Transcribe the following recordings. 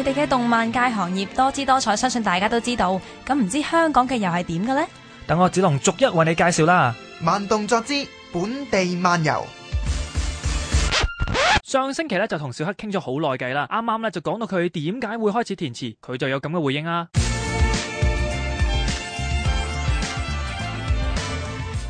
佢哋嘅動漫界行業多姿多彩，相信大家都知道。咁唔知香港嘅又係點嘅呢？等我只能逐一為你介紹啦。慢動作之本地漫遊。上星期咧就同小克傾咗好耐偈啦，啱啱咧就講到佢點解會開始填詞，佢就有咁嘅回應啊。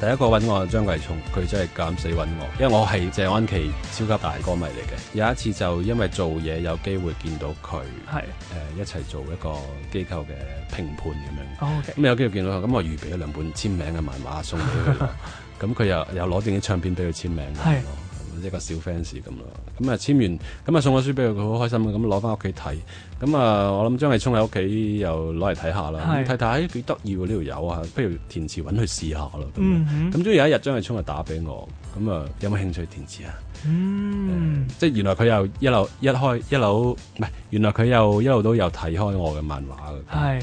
第一個揾我係張繼聰，佢真係敢死揾我，因為我係謝安琪超級大的歌迷嚟嘅。有一次就因為做嘢有機會見到佢，係誒的、呃、一齊做一個機構嘅評判咁樣。O K，咁有機會見到佢，咁、嗯、我預備咗兩本簽名嘅漫畫送俾佢，咁佢 又又攞定啲唱片俾佢簽名。係的。嗯一個小 fans 咁咯，咁啊簽完，咁啊送個書俾佢，佢好開心啊，咁攞翻屋企睇，咁啊我諗張藝聰喺屋企又攞嚟睇下啦，睇睇是，幾得意喎呢條友啊，不如填詞搵佢試下咯，咁，咁終於有一日張藝聰就打俾我，咁啊有冇興趣填詞啊？嗯,嗯，即係原來佢又一路一開一路，唔係，原來佢又一路都有睇開我嘅漫畫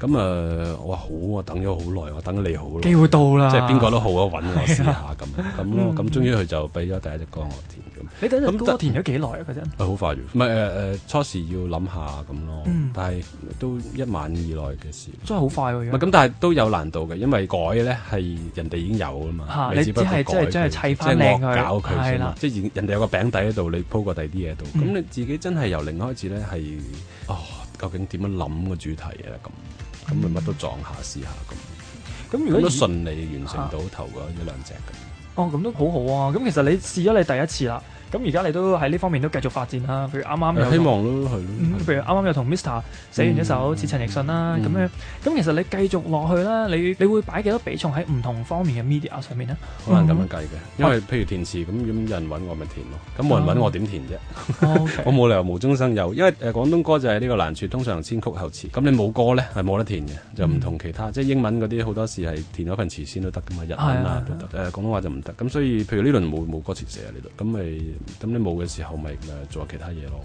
咁誒，我話好啊！等咗好耐，我等你好咯。機會到啦，即係邊個都好啊，揾我試下咁。咁咁，終於佢就俾咗第一隻歌我填咁。你等陣都填咗幾耐啊？佢真係好快，唔係誒誒，初時要諗下咁咯。但係都一晚以內嘅事，真係好快喎！咪咁，但係都有難度嘅，因為改咧係人哋已經有啊嘛。嚇，你只不過即係將佢砌翻靚佢，係啦，即係人哋有個餅底喺度，你鋪過第二啲嘢喺度。咁你自己真係由零開始咧，係哦，究竟點樣諗個主題啊？咁。咁咪乜都撞下試下咁，咁、嗯、如果都順利完成到、啊、頭嗰一兩隻嘅哦，咁都好好啊！咁其實你試咗你第一次啦。咁而家你都喺呢方面都繼續發展啦，譬如啱啱有希望咯，係咯。譬如啱啱又同 Mr. 寫完一首似陳奕迅啦，咁咧，咁其實你繼續落去啦，你你會擺幾多比重喺唔同方面嘅 media 上面咧？好難咁樣計嘅，因為譬如填詞咁咁有人揾我咪填咯，咁冇人揾我點填啫？我冇理由無中生有，因為誒廣東歌就係呢個難處，通常先曲後詞。咁你冇歌咧係冇得填嘅，就唔同其他，即係英文嗰啲好多時係填咗份詞先都得噶嘛，日文啊都得，誒廣東話就唔得。咁所以譬如呢輪冇冇歌詞寫啊呢度，咁咪。咁你冇嘅時候咪誒做下其他嘢咯。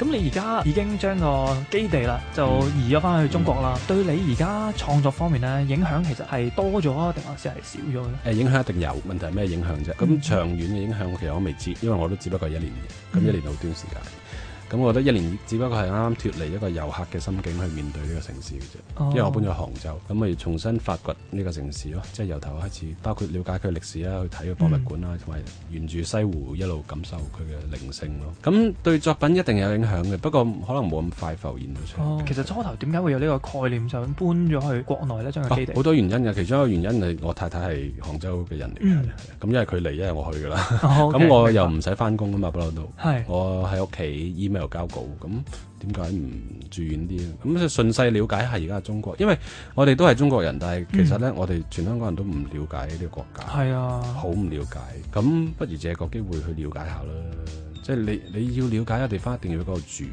咁你而家已經將個基地啦，就移咗翻去中國啦。嗯嗯、對，你而家創作方面咧，影響其實係多咗定還是係少咗咧？誒，影響一定有，問題係咩影響啫？咁、嗯、長遠嘅影響其實我未知，因為我都只不過係一年嘅，咁一年好短時間。嗯咁我覺得一年只不過係啱啱脫離一個遊客嘅心境去面對呢個城市嘅啫，oh. 因為我搬咗去杭州，咁咪重新發掘呢個城市咯，即係由頭開始，包括了解佢歷史啦，去睇佢博物館啦，同埋、mm. 沿住西湖一路感受佢嘅靈性咯。咁對作品一定有影響嘅，不過可能冇咁快浮現到出嚟。Oh. 其實初頭點解會有呢個概念想搬咗去國內咧？將佢、oh, 基地。好多原因嘅、啊，其中一個原因係我太太係杭州嘅人嚟嘅，咁、mm. 一係佢嚟，一係我去㗎啦。咁、oh, okay. 我又唔使翻工㗎嘛，不嬲都。係是，我喺屋企 email 又交稿，咁點解唔住遠啲咧？咁就順勢了解下而家嘅中國，因為我哋都係中國人，但係其實咧，嗯、我哋全香港人都唔了解呢啲國家，係是啊，好唔了解。咁不如借個機會去了解下啦。即係你你要了解一個地方，一定要喺嗰度住，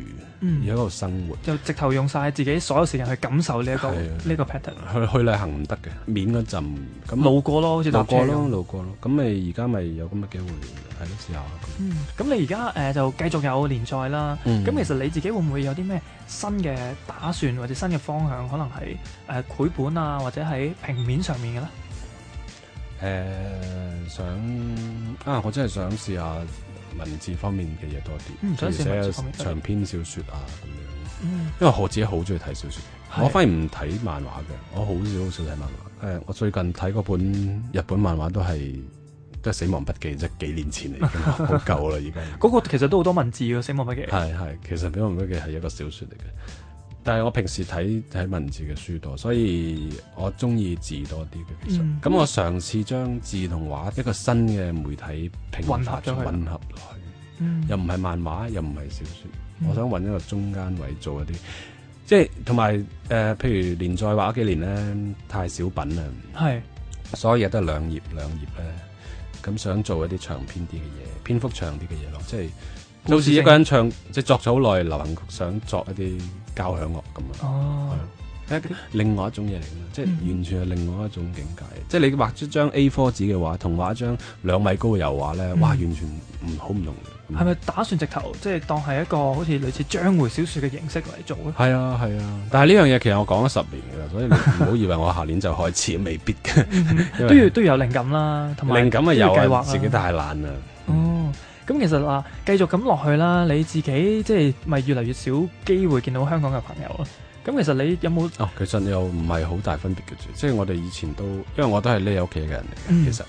而喺嗰度生活，就直頭用晒自己所有時間去感受呢、這、一個呢的個 pattern。去去旅行唔得嘅，免嗰陣咁路過咯，好似搭車咁，路過咯。咁你而家咪有咁嘅機會，係咯，試下。咁、嗯、你而家誒就繼續有連載啦。咁、嗯、其實你自己會唔會有啲咩新嘅打算，或者新嘅方向，可能係誒、呃、繪本啊，或者喺平面上面嘅咧？誒、呃、想啊，我真係想試下。文字方面嘅嘢多啲，譬、嗯、如寫長篇小説啊，咁、嗯、樣。因為我自己好鍾意睇小説的我反而唔睇漫畫嘅，我好少好少睇漫畫。誒、嗯欸,我最近睇嗰本日本漫畫都係都係《死亡筆記》，即係幾年前嚟，已經好舊啦，已經 在。嗰個其實都好多文字嘅《死亡筆記》是。係係,其實《死亡筆記》係一個小説嚟嘅。但係我平時睇睇文字嘅書多，所以我中意字多啲嘅。其實、嗯、咁我嘗試將字同畫一個新嘅媒體拼合咗，混合落去。嗯、又唔係漫畫，又唔係小説，嗯、我想揾一個中間位做一啲，嗯、即係同埋誒，譬如連載畫嗰幾年咧，太小品啦，是所以有得兩頁兩頁咧，咁想做一啲長篇啲嘅嘢，篇幅長啲嘅嘢咯，嗯、即係好似一個人唱，即係作咗好耐流行曲，想作一啲。交響樂咁啊，哦、係另外一種嘢嚟嘅，嗯、即完全係另外一種境界。嗯、即係你畫咗張 A4 紙嘅畫，同畫一張兩米高嘅油畫咧，嗯、哇，完全唔好唔同嘅。係咪打算直頭即係當係一個好似類似章回小説嘅形式嚟做咧？係啊係啊，但係呢樣嘢其實我講咗十年㗎，所以你唔好以為我下年就開始 未必嘅，嗯、為都要都要有靈感啦，同埋靈感啊有啊，計劃自己太懶啦。咁其實嗱，繼續咁落去啦，你自己即係咪越嚟越少機會見到香港嘅朋友啊？咁其實你有冇？哦，其實你又唔係好大分別嘅啫，即係我哋以前都，因為我都係匿喺屋企嘅人嚟嘅。嗯、其實，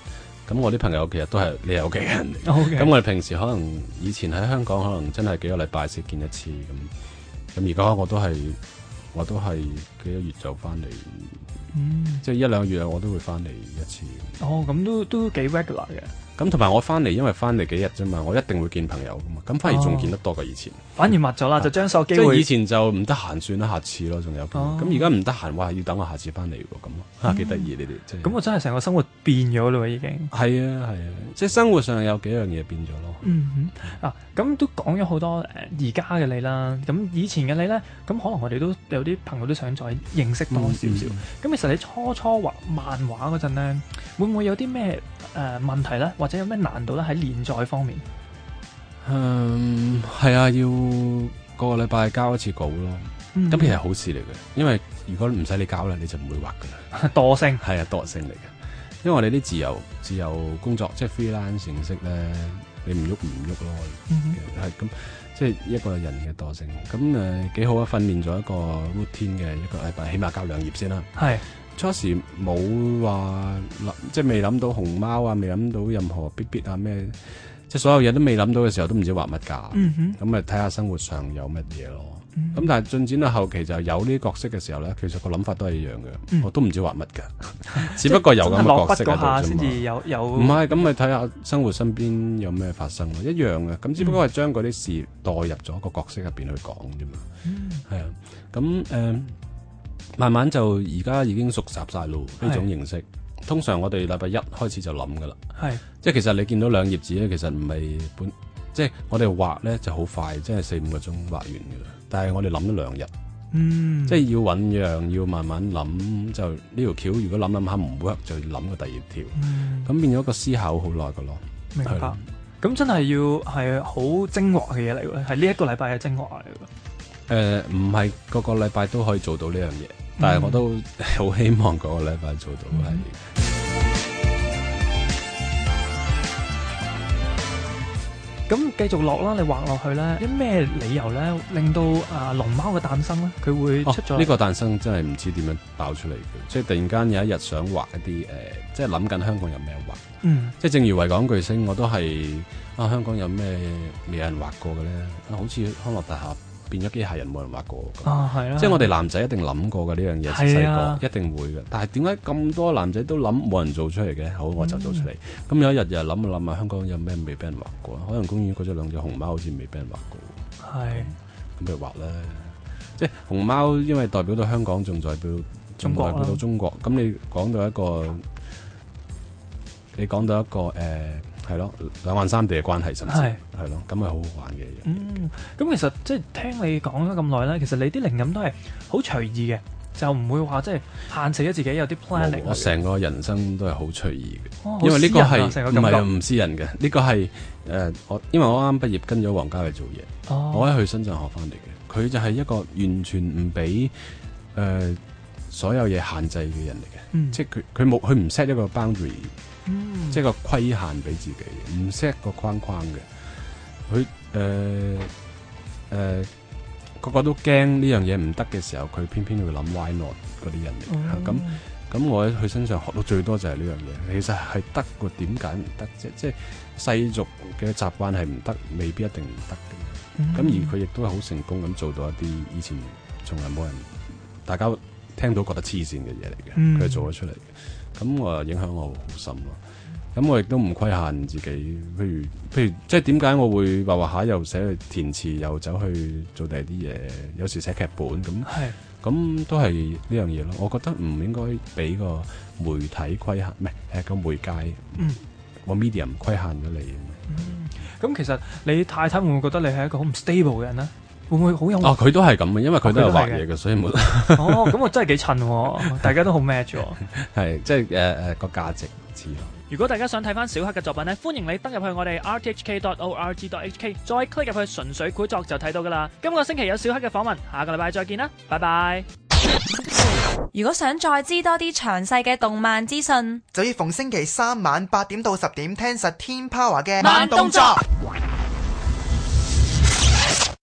咁我啲朋友其實都係匿喺屋企嘅人嚟。嗯、o、okay。咁我哋平時可能以前喺香港，可能真係幾個禮拜先見一次咁。咁而家我都係，我都係幾個月就翻嚟。嗯、即係一兩月我都會翻嚟一次。哦，咁都都幾 regular 嘅。咁同埋我返嚟，因為返嚟幾日啫嘛，我一定會見朋友噶嘛，咁反而仲見得多過以前。哦。反而默咗啦，嗯、就將手機會、啊、即係以前就唔得閒算啦，下次咯，仲有咁。而家唔得閒，話要等我下次翻嚟喎，咁嚇幾得意你哋。咁、嗯、我真係成個生活變咗咯，已經。係、嗯嗯嗯、啊，係啊，即係生活上有幾樣嘢變咗咯。嗯啊，咁都講咗好多、呃、而家嘅你啦，咁以前嘅你咧，咁可能我哋都有啲朋友都想再認識多少少。咁、嗯、其實你初初畫漫畫嗰陣咧，會唔會有啲咩、呃、問題咧，或者有咩難度咧喺連載方面？嗯，係、um, 啊，要個個禮拜交一次稿咯。咁、嗯、其實好事嚟嘅，因為如果唔使你交啦，你就唔會畫噶啦。惰性係啊，惰性嚟嘅。因為我哋啲自由自由工作，即係 freelance 形式咧，你唔喐唔喐咯。係咁、嗯哼啊，即係一個人嘅惰性。咁誒，幾好啊！訓練咗一個 routine 嘅一個禮拜，起碼交兩頁先啦。係是初時冇話諗，即係未諗到聾貓啊，未諗到任何逼逼啊咩。即係所有嘢都未諗到嘅時候都，都唔知畫乜㗎。咁咪睇下生活上有乜嘢咯。咁、嗯、但係進展到後期就有呢啲角色嘅時候咧，其實個諗法都係一樣嘅，嗯、我都唔知畫乜噶，嗯、只不過有咁嘅角色啊。落筆嗰下先至有有。唔係，咁咪睇下生活身邊有咩發生咯，一樣嘅。咁只不過係將嗰啲事代入咗個角色入邊去講啫嘛。係啊、嗯，咁誒、呃，慢慢就而家已經熟習晒咯呢種形式。通常我哋禮拜一開始就諗噶啦，係是即係其實你見到兩頁紙咧，其實唔係本即係我哋畫咧就好快，即係四五個鐘畫完噶啦。但係我哋諗咗兩日，嗯，即係要醞釀，要慢慢諗，就呢條橋如果諗諗下唔 work，就諗個第二條，咁、嗯、變咗個思考好耐噶咯。明白，咁去真係要係好精華嘅嘢，嚟嘅，係呢一個禮拜嘅精華嚟嘅。誒、呃，唔係個個禮拜都可以做到呢樣嘢。但係我都好希望嗰個禮拜做到係。咁、嗯、的繼續落啦，你畫落去咧，有咩理由咧令到啊、呃、龍貓嘅誕生咧，佢會出咗呢？哦這個誕生真係唔知點樣爆出嚟嘅，即係突然間有一日想畫一啲誒、呃，即係諗緊香港有咩畫，嗯、即係正如維港巨星，我都係啊香港有咩未有人畫過嘅咧？嗯、好似康樂大廈。變咗機械人冇人畫過，啊、係即係我哋男仔一定諗過嘅呢樣嘢，細、細個的一定會嘅。但係點解咁多男仔都諗冇人做出嚟嘅？好，我就做出嚟。咁、嗯嗯、有一日又諗一諗啊，香港有咩未俾人畫過？海洋公園嗰隻兩隻熊貓好似未俾人畫過，係咁咪畫咧。即係熊貓，因為代表到香港，仲代表仲代表到中國。咁你講到一個，的你講到一個誒。呃係咯，兩岸三地嘅關係，甚至係是咯，咁咪好好玩嘅嘢。嗯，咁其實即係聽你講咗咁耐啦，其實你啲靈感都係好隨意嘅，就唔會話即係限制咗自己有啲 planning。我成個人生都係好隨意嘅，因為呢個係唔係唔私人嘅？呢個係誒，我因為我啱畢業跟咗王家衛做嘢，哦、我喺去深圳學翻嚟嘅。佢就係一個完全唔俾誒所有嘢限制嘅人嚟嘅，嗯、即係佢佢冇佢唔 set 一個 boundary。嗯、即係個規限俾自己，唔設個框框嘅，佢、誒誒、個個都驚呢樣嘢唔得嘅時候，佢偏偏會諗歪落嗰啲人嚟，咁咁、哦、我喺佢身上學到最多就係呢樣嘢，其實係得個點解唔得啫，即係世俗嘅習慣係唔得，未必一定唔得嘅，咁、嗯、而佢亦都係好成功咁做到一啲以前從來冇人，大家。聽到覺得黐線嘅嘢嚟嘅，佢、嗯、做咗出嚟嘅，咁我影響我很好深咯。咁我亦都唔規限自己，譬如譬如即係點解我會畫畫下又寫填詞，又走去做第二啲嘢，有時寫劇本咁，咁都係呢樣嘢咯。我覺得唔應該俾個媒體規限，唔係係個媒介、嗯、個 medium 唔規限咗你。咁、嗯、其實你太太會唔會覺得你係一個好唔 stable 嘅人咧？會唔會好用哦，佢都係咁嘅，因為佢都有畫嘢嘅，所以冇。 哦，咁我真係幾襯，大家都好 match 喎。係， 即係誒誒個價值。如果大家想睇翻小克嘅作品咧，歡迎你登入去我哋 rthk.org.hk，再 click 入去純粹繪作就睇到噶啦。今個星期有小克嘅訪問，下個禮拜再見啦，拜拜。如果想再知多啲詳細嘅動漫資訊，就要逢星期三晚八點到十點聽實天 power 嘅慢動作。